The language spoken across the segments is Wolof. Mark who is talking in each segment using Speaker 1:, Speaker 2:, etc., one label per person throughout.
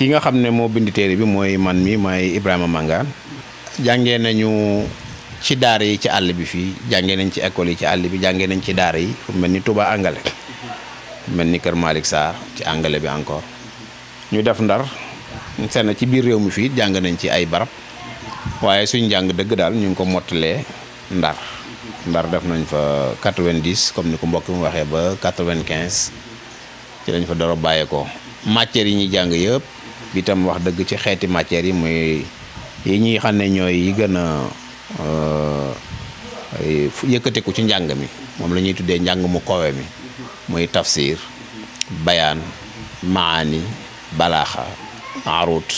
Speaker 1: ki nga xamne mo moo bind téere bi moy man mi mooy Ibrahima Mangane jangé nañu ci daara yi ci all bi fi jangé nañ ci école yi ci all bi jangé nañ ci daara yi fu melni Touba angale mel ni Kër Malick Sarr ci angale bi encore ñu def ndar sen ci biir réew mi fi jang nañ ci ay barab waye suñu jang deug dal ñu ko mottalee ndar ndar def nañ fa 90 comme ni ko mbokk mu waxé ba 95 ci lañ fa doro ko matière yi ñi jang yépp itam wax deug ci xéti matière yi muy yi xamné ñoy yi gëna euh ay yëkëté ku ci njang mi mom lañuy tuddé njang mu mi muy tafsir bayan, maani balaha, arut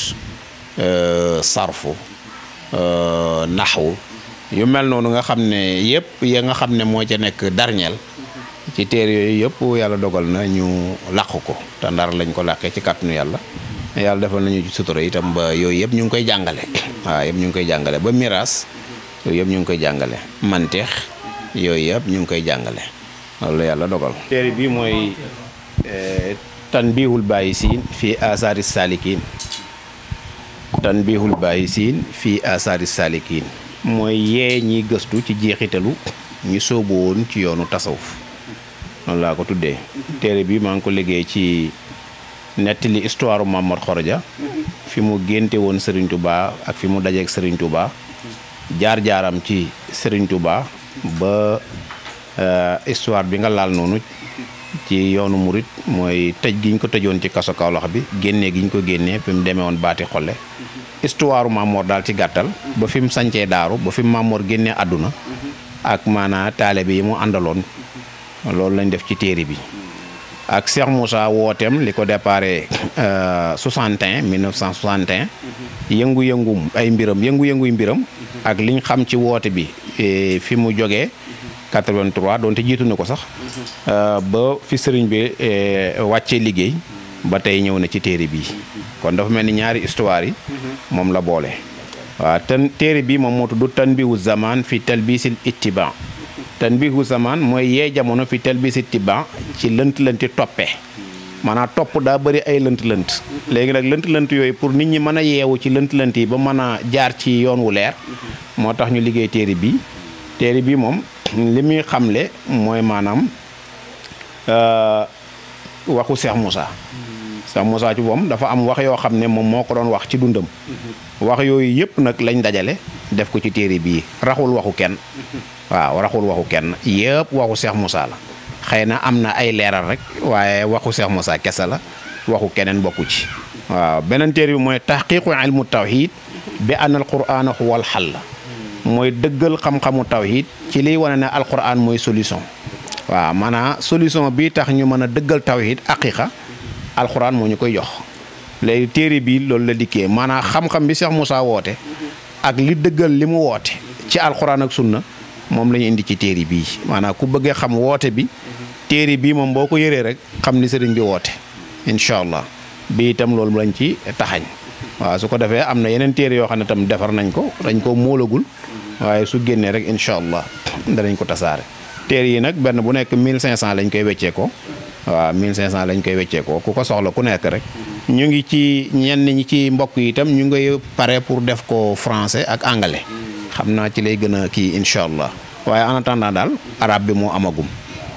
Speaker 1: euh, sarfu euh, nahwu yu mel nonu nga xamné yépp ya nga xamné mo ci nek darñel ci téré yooyu yalla. dogal na ñu làq ko ndar lañ ko ci katnu yalla yàlla defal nañu sutura itam ba yooyu yëpp ñu ngi koy jàngale waaw yëpp ñu ngi koy jàngale ba miraas yëpp ñu ngi koy jàngale manteex yooyu yëpp ñu ngi koy jàngale loolu yàlla dogal téere bi mooy e, bàyyi baayisiin fii asaari saalikiin bàyyi baayisiin fii asaari saalikiin mooy yee ñiy gëstu ci jeexitalu ñi sooboon ci yoonu tasaw noonu laa ko tuddee téere bi maa ngi ko liggéey ci nettali histoire Mame Mor Khoro Dia fi mu génte woon Serigne baa ak fi mu dajeeg Serigne Touba jaar-jaaram ci Serigne Touba ba euh, histoire bi nga laal noonu ci yoonu murit mooy tëj gi ko tëjoon ci kaso Kaolack bi génnee giñ ko génne fi mu demee woon baati xolle histoire Mame Mor daal ci gàttal ba fi mu sancee daaru ba fi mu Mame Mor génnee àdduna ak maanaa taale bi yi mu àndaloon loolu lañ def ci téere bi ak Cheikh Moussa wooteem li ko déparé 61 1961. yëngu yëngu ay mbiram yëngu-yënguy mbiram. Mhm. ak liñ xam ci woote bi e, fi mu jógee. 83 doonte jiitu na ko sax. Mhm. Euh, ba fi sëriñ bi e, wàccee liggéey. Mhm. ba tey ñëw na ci téere bii. kon dafa mel ni ñaari histoire yi. moom la boole. waaw ten téere bii moom moo bi tanbihu zaman fi talbisil ittiba tanbihu zaman mooy yee jamono fi talbisil ittiba ci leunt mana topé manana top da bari ay leunt leunt légui nak leunt leunt yoy pour nit ñi mëna a ci leunt lënt yi ba mëna jaar ci yoon wu leer motax ñu liggéey téré bi téré bi mom limi xamlé moy manam, euh waxu Cheikh Moussa Cheikh Moussa ci bom dafa am wax yo xamné mom moko doon wax ci dundam wax yoy yépp nak lañ dajale def ko ci téré bi raxul waxu kenn waaw raxul waxu kenn yépp waxu Cheikh Moussa la xëy na am na ay leeral rek waaye waxu seex Moussa kese la waxu keneen bokku ci waaw beneen téere bi mooy tax taxqiqu ilmu tawhid bi an alquraan huwa la mooy dëggal xam-xamu tawhid ci liy wane ne alquran mooy solution waaw maanaam solution bi tax ñu mën a dëggal tawhid aqiqa alquran moo ñu koy jox léegi téere bi loolu la dikkee maanaam xam-xam bi Cheikh Moussa woote ak li dëggal li mu woote ci alquran ak sunna moom la indi ci téere bii maanaam woote bi téere bii moom boo ko yëree rek xam ni sëriñ bi woote incha allah bi itam loolu lañ ci taxañ waaw su ko defee am na yeneen téere yoo xam ne tam defar nañ ko dañ ko móolagul waaye su génnee rek incha allah danañ ko tasaare téere yi nag benn bu nekk 1500 lañ koy weccee ko waaw 1500 lañ koy weccee ko ku ko soxla ku nekk rek ñu ngi ci ñenn ñi ci mbokk yi ñu ngay pare pour def ko français ak anglais xam naa ci lay gën a kii incha allah waaye en attendant daal arabe bi moo amagum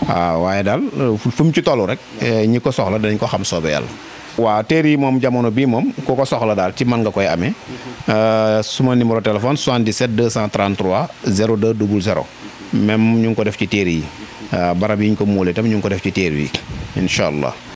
Speaker 1: waaw ah, waaye daal euh, fu mu ci toll rek eh, ñi ko soxla dañ ko xam soobee yàlla. waaw téere yi moom jamono bii moom ku ko soxla daal ci man nga koy amee euh, suma numéro téléphone 77 233 02 00 même ñu ngi ko def ci téer yi euh, barab yi ñu ko muulee tam ñu ngi ko def ci téere yi incha allah.